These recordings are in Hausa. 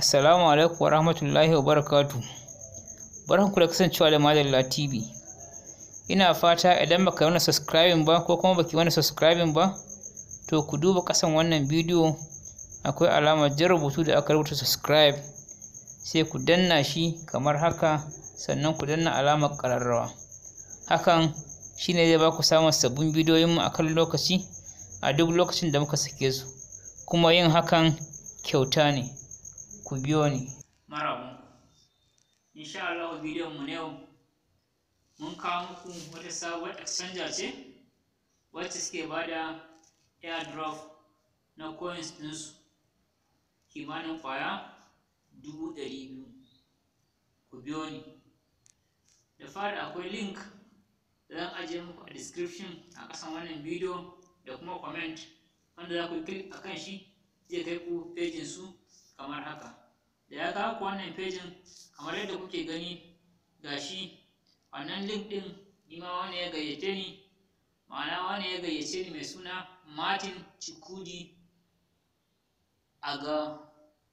Assalamu alaikum wa rahmatullahi wa barakatu. Barkanku da kasancewa da Madalla TV. Ina fata idan baka wani subscribing ba ko kuma baki wani subscribing ba, to ku duba kasan wannan bidiyo akwai alama jan da aka rubuta subscribe sai ku danna shi kamar haka sannan ku danna alama ƙararrawa. Hakan shine zai baku samun sabbin bidiyoyin bidiyoyinmu akan lokaci a duk lokacin da muka sake su. Kuma yin hakan kyauta ne. ku biyo ni insha Allah bidiyon mu na yau mun kawo muku wata sabuwar exchanger ce wacce suke bada airdrop na coins ɗinsu kimanin kwaya dubu ɗari biyu ku biyo ni da fara akwai link zan ajiye muku a description a ƙasan wannan bidiyo da kuma comment wanda za ku yi click a kan shi zai kai ku pejin su kamar haka da ya kawo ku wannan fejin kamar yadda kuke gani gashi wannan link din nima wani ya gayyace ni ma'ana wani ya gayyace ni mai suna martin chikudi aga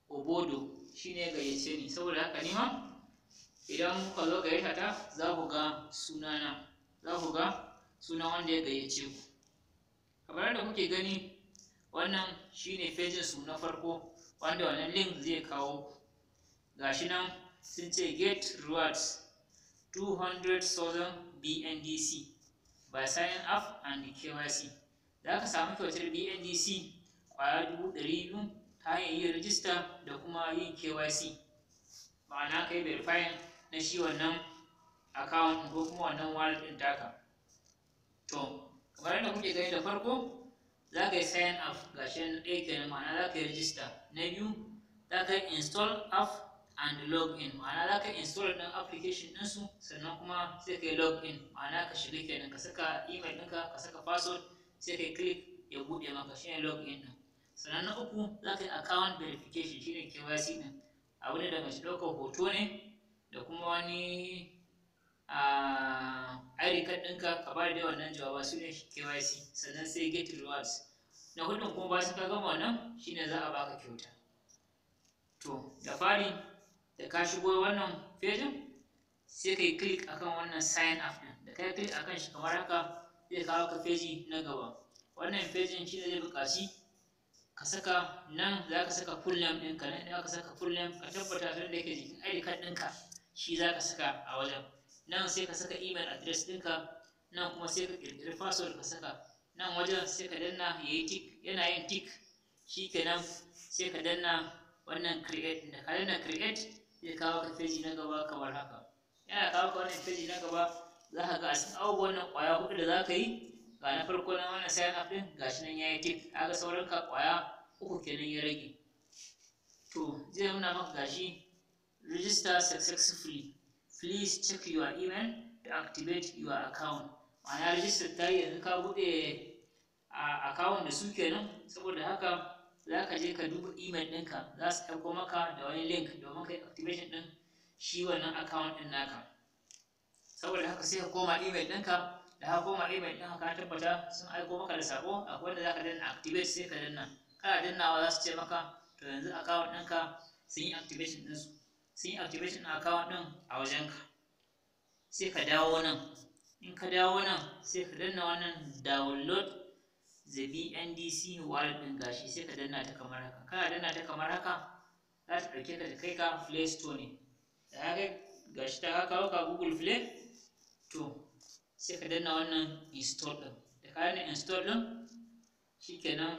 obodo shine ya gayyace ni saboda haka nima idan ka zo gayyata ta za ku ga sunana za ku ga suna wanda ya gayyace ku kamar yadda kuke gani wannan shine fejin su na farko wanda wannan link zai kawo gashi nan sun ce get rewards 200,000 BNDC by signing up and KYC za ka samu kyautar BNDC kwaya 200,000 ta hanyar yin rajista da kuma yin KYC ma'ana kai verifying na shi wannan account ko kuma wannan wallet ɗin taka to kamar yadda kuke gani da farko za ka yi sign up ga shi na ɗaya kenan ma'ana za ka yi register na biyu za ka yi install app and log in ma'ana za ka install ɗin application ɗinsu sannan kuma sai ka yi log in ma'ana ka shiga kenan ka saka email ɗinka ka saka password sai ka yi click ya buɗe maka shi ne log in ɗin sannan na uku za ka yi account verification shi ne KYC ɗin abu ne da mace ɗaukar hoto ne da kuma wani A card ɗinka ka ba da wannan jawaba su ne KYC sannan sai get rewards na hudun kuma su ka gama wannan shine za a baka kyauta to da fari da ka shigo wannan fejin sai ka yi click akan wannan sign up din, da ka yi click akan shi kamar haka zai kawo ka feji na gaba wannan fejin shi zai buƙaci ka saka nan za ka saka full name ɗinka nan za ka saka full name ka tabbata da yake jikin ID ɗinka shi za ka saka a wajen nan sai ka saka email address ɗinka nan kuma sai ka ƙirƙiri password ka saka nan wajen sai ka danna ya yi tik yana yin tik shi kenan sai ka danna wannan create da ka danna create zai kawo ka feji na gaba kamar haka yana kawo ka wannan feji na gaba za ka ga sun abubuwan wannan ƙwaya hudu da za ka yi ga na farko na wannan sign up ɗin ga shi nan ya yi tik ga sauran ka ƙwaya uku kenan ya rage to zai nuna maka gashi register successfully please check your email to activate your account ma'ana register ta yanzu ka bude a account da su kenan saboda haka za ka je ka duba email ɗinka za su ɗauko maka da wani link domin ka yi activation ɗin shi wannan account ɗin naka saboda haka sai ka koma email ɗinka da haka koma email ɗin ka tabbata sun aiko maka da sako akwai wanda za ka danna activate sai ka danna kana dannawa za su ce maka to yanzu account ɗinka sun yi activation ɗinsu sun yi activation account ɗin a wajenka sai ka dawo nan in ka dawo nan sai ka danna wannan download the bndc wallet ɗin gashi sai ka danna ta kamar haka kana danna ta kamar haka za ta ɗauke ka ta kai ka play store ne da haka gashi ta kawo ka google play to sai ka danna wannan install ɗin da ka danna install ɗin shikenan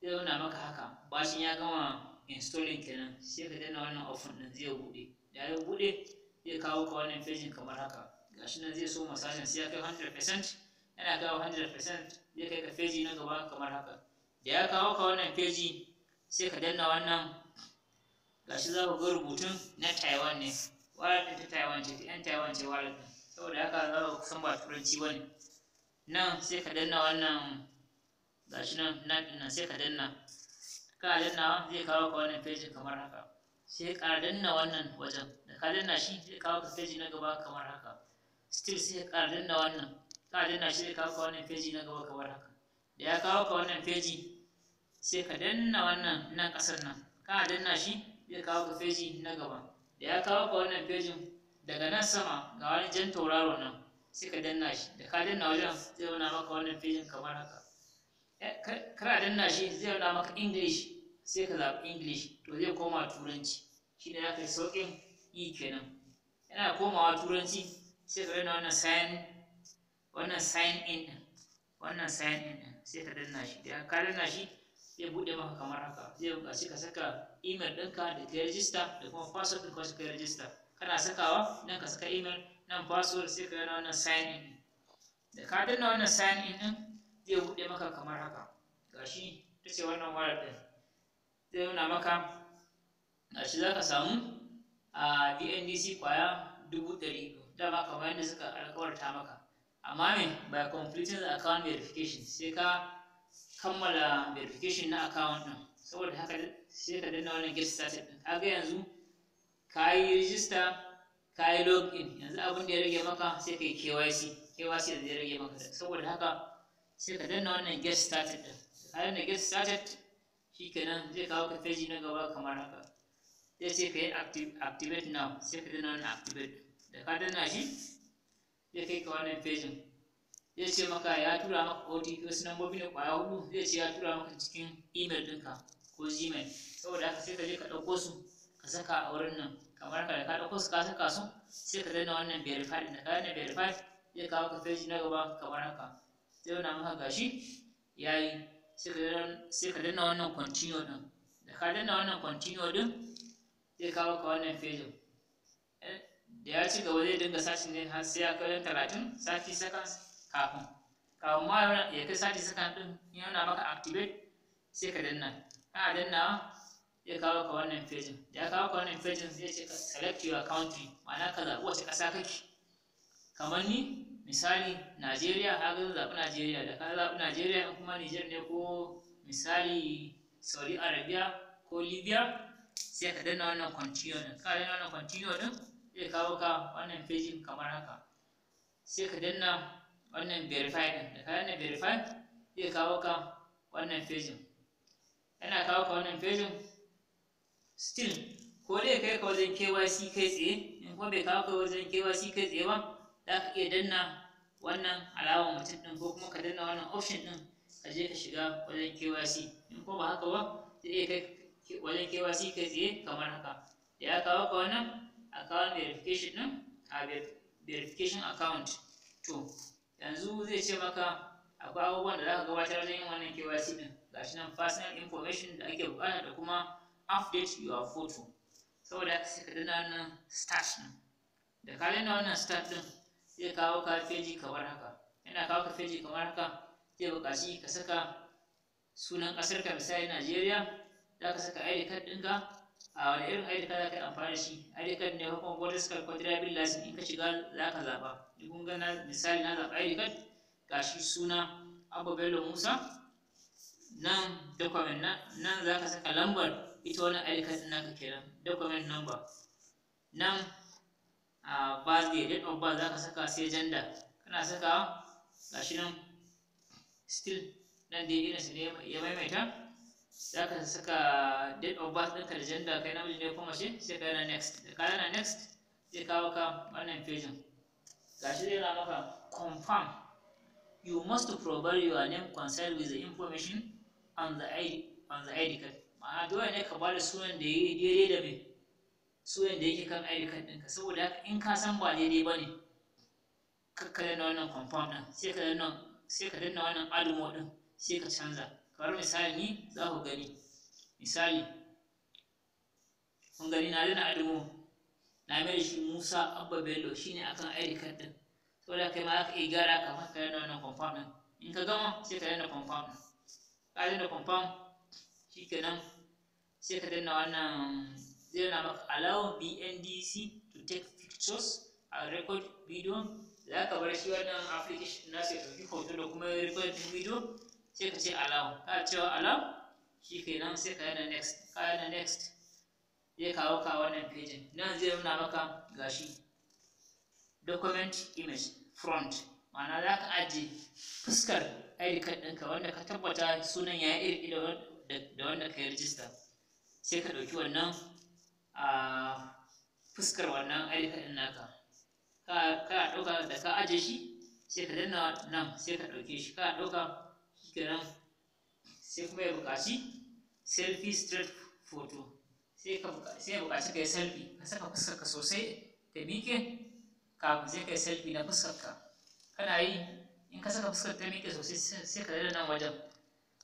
zai zauna maka haka bashin ya gama installing kenan sai ka danna wannan open din zai bude da ya bude zai kawo ka wannan page kamar haka gashi nan zai so massage sai ka 100% yana kawo 100% zai kai ka page na gaba kamar haka da ya kawo ka wannan page sai ka danna wannan gashi za ku ga rubutun na Taiwan ne wallet ɗin ta Taiwan ce ta 'yan Taiwan ce wallet saboda haka za ka san ba turanci bane nan sai ka danna wannan gashi nan nan sai ka danna ka danna zai kawo ka wannan feji kamar haka sai ka danna wannan wajen da ka danna shi zai kawo ka feji na gaba kamar haka still sai ka danna wannan ka danna shi zai kawo ka wannan feji na gaba kamar haka da ya kawo ka wannan feji sai ka danna wannan nan ƙasar nan ka danna shi zai kawo ka feji na gaba da ya kawo ka wannan fejin daga nan sama ga wani jan tauraro nan sai ka danna shi da ka danna wajen zai nuna maka wannan fejin kamar haka Eh, kana danna shi zai nuna maka english sai ka zaɓi english to zai koma turanci shi ne ya kai sauƙin yi kenan yana komawa turanci sai ka danna wannan sign wannan sign in wannan sign in sai ka danna shi da ka danna shi zai buɗe maka kamar haka zai buƙaci ka saka email ɗinka da ka register da kuma password ɗinka ka ka register kana sakawa nan ka saka email nan password sai ka danna wannan sign in da ka danna wannan sign in ɗin zai buɗe maka kamar haka gashi ta ce wannan wayar ɗin zai nuna maka gashi za ka samu a dndc kwaya dubu ɗari dama kamar yadda suka alkawarta maka amma me by completing the account verification sai ka kammala verification na account ɗin saboda haka sai ka danna wannan get started ɗin kaga yanzu ka yi register ka yi login yanzu abin da ya rage maka sai ka yi KYC KYC da zai rage maka saboda haka sai ka danna wannan get started din ka danna get started shi shikenan zai kawo ka feji na gaba kamar haka zai ce ka yi activate now sai ka danna wannan activate da ka danna shi zai kai ka wannan fejin zai ce maka ya tura maka OTP wasu nambobi ne kwaya hudu zai ce ya tura maka cikin email ɗinka ko gmail saboda haka sai ka je ka ɗauko su ka saka a wurin nan kamar haka da ka ɗauko su ka saka su sai ka danna wannan verified da ka danna verified zai kawo ka feji na gaba kamar haka Sai nuna maka gashi ya yi sai ka danna wannan kwantino din da ka danna wannan continue din zai kawo ka wannan fejin eh, da ya ci gaba zai dinga sashi ne har sai ya kai wajen talatin sati seconds kafin kafin ma ya kai sati seconds din ya nuna maka activate sai ka danna kana dannawa zai kawo ka wannan fejin da ya kawo ka wannan fejin zai ce ka select your country ma'ana ka zaɓi wace ƙasa kake kamar ni misali najeriya ka ga zaɓi najeriya da ka zaɓi najeriya in kuma niger ne ko misali saudi arabia ko libya sai ka danna wannan continue ɗin ka danna wannan continue ɗin zai kawo ka wannan page kamar haka sai ka danna wannan verify ɗin da ka danna verify zai kawo ka wannan page yana kawo ka wannan page still ko dai kai ka wajen KYC kai tsaye in kuma bai kawo ka wajen KYC kai tsaye ba za ka iya danna wannan alamar mutum ɗin ko kuma ka danna wannan option ɗin ka je ka shiga wajen KYC in kuma ba haka ba zai iya kai wajen KYC kai tsaye kamar haka da ya kawo ka wannan account verification ɗin a verification account to yanzu zai ce maka akwai abubuwan da za ka gabatar wajen yin wannan KYC ɗin gashi nan personal information da ake buƙata da kuma update your photo saboda haka sai ka danna wannan start ɗin da ka danna wannan start ɗin zai kawo ka feji kamar haka yana kawo ka feji kamar haka zai buƙaci ka saka sunan ƙasarka misali najeriya za ka saka id card ɗinka a wani irin id card za ka yi amfani da shi id card ne hukun borders suka ko bin lasin in ka shiga za ka zaɓa in kun ga misali na zaɓa id card gashi suna abu bello musa nan document nan za ka saka lambar ita wani id card ɗin naka kenan document number nan a birthday date of birth za ka saka sai gender kana saka gashi nan still nan dai ya su ne ya maimaita za ka saka date of birth ɗinka da gender kai namiji ne ko mace sai ka yana next da ka yana next zai kawo ka wannan ga gashi zai na maka confirm you must provide your name concerned with the information on the ID on the ID card ma'ana dole ne ka bada sunan da ya yi daidai da mai soyan da yake kan ayyukan ɗinka saboda haka in ka san ba daidai ba ne ka na wannan kwamfam ɗin sai ka danna wannan alumo ɗin sai ka canza kamar misali ni za ku gani misali kun gani na dana alumo na mai shi Musa Abba Bello shi ne akan ayyukan card ɗin saboda kai ma aka yi gyara kamar ka danna wannan kwamfam ɗin in ka gama sai ka danna kwamfam ɗin ka danna shi kenan sai ka danna wannan zai na maka bndc to take pictures and record video za ka bar shi wannan application na sai ɗauki hoto da kuma record video sai ka ce allow ka your allow shi kenan sai kind of next Kind of next zai kawo ka wannan pejin nan zai nuna maka gashi document image front Mana za ka ajiye fuskar id card ɗinka wanda ka tabbata sunan ya iri da wanda ka yi rijista sai ka ɗauki wannan a fuskar wannan alifin naka ka ɗauka da ka aje shi sai ka danna nan sai ka ɗauke shi ka ɗauka kenan sai kuma ya buƙaci selfie straight photo sai ka sai buƙaci ka yi selfie ka saka fuskar ka sosai ta miƙe kafin sai ka yi selfie na fuskar ka kana yi in ka saka fuskar ta miƙe sosai sai ka danna nan wajen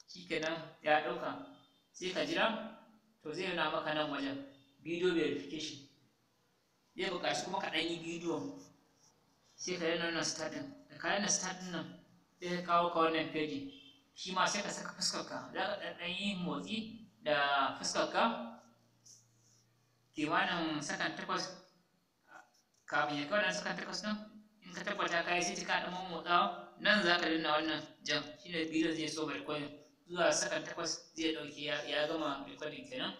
shikenan ya ɗauka sai ka jira to zai nuna maka nan wajen video verification zai buƙaci kuma ka ɗanyi bidiyo sai ka yana na startin da ka yana startin nan sai ka kawo ka wannan fage shi ma sai ka saka fuskarka za ka ɗanɗanyi motsi da fuskarka kimanin sakan takwas kafin ya kawo da sakan takwas nan in ka tabbata ka yi sai ka ɗan motsawa nan za ka dinna wannan jan shi ne video zai so mai kwayo zuwa sakan takwas zai ɗauki ya gama recording kenan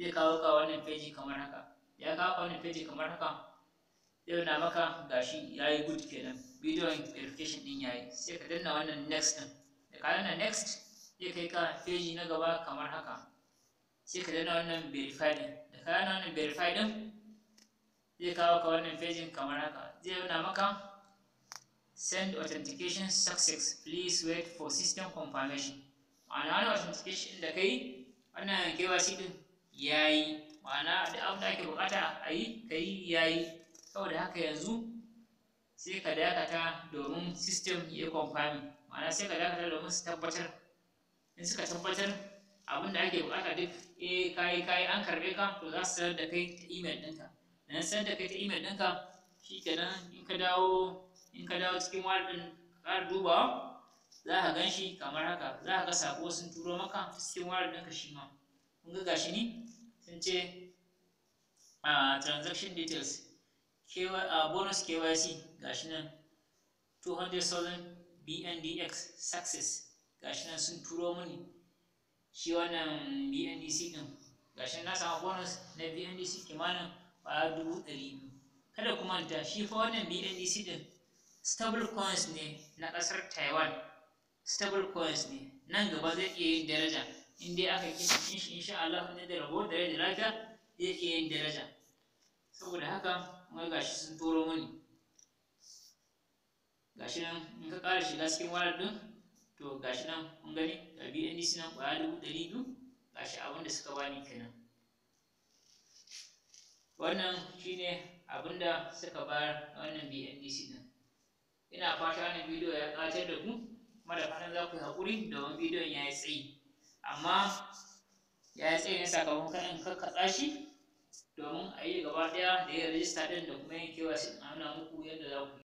zai kawo ka wannan feji kamar haka ya kawo ka wannan feji kamar haka zai na maka gashi ya yi good kenan bidiyon verification din ya yi sai ka danna wannan next din da ka danna next zai kai ka feji na gaba kamar haka sai ka danna wannan verify din da ka danna wannan verify din zai kawo ka wannan fejin kamar haka zai na maka send authentication success please wait for system confirmation ma'ana wani authentication da kai wannan KYC din yayi ma'ana duk abin da ake bukata a yi ka yi yayi saboda haka yanzu sai ka dakata domin system ya confirm ma'ana sai ka dakata domin su tabbatar in suka tabbatar abin da ake bukata duk eh kai kai an karbe ka to za su sanar da kai ta email ɗinka da na sanar da kai ta email ɗinka shikenan in ka dawo in ka dawo cikin wallet ɗin ka ƙara dubawa za ka gan shi kamar haka za ka ga sako sun turo maka cikin wallet ɗinka shi ma kun ga gashi ni sun ce a transaction details uh, bonus KYC gashi nan 200,000 BNDX success gashi nan sun turo mini shi wannan BNDC din gashi na samu bonus na BNDC kimanin ba dubu ɗari kada kuma ta, shi fa wannan BNDC din stable coins ne na ƙasar Taiwan stable coins ne nan gaba zai iya yin daraja in dai aka yi kisan shi insha Allah ne da rabo da rai da lafiya yake yin daraja saboda haka mai gashi sun toro mani gashi nan in ka ƙara shiga cikin wayar din, to gashi nan kun gani ga BNDC nan ƙwaya dubu ɗari biyu gashi abin da suka bani kenan wannan shine abin da suka bayar wannan BNDC din ina fata wannan bidiyo ya ƙatar da ku kuma da fatan za ku yi haƙuri domin bidiyon ya yi tsayi amma ya yi tsayin sakamakon in katsa shi domin a yi gaba ɗaya da yin rajista ɗin da kuma yin kewa a nuna muku yadda za ku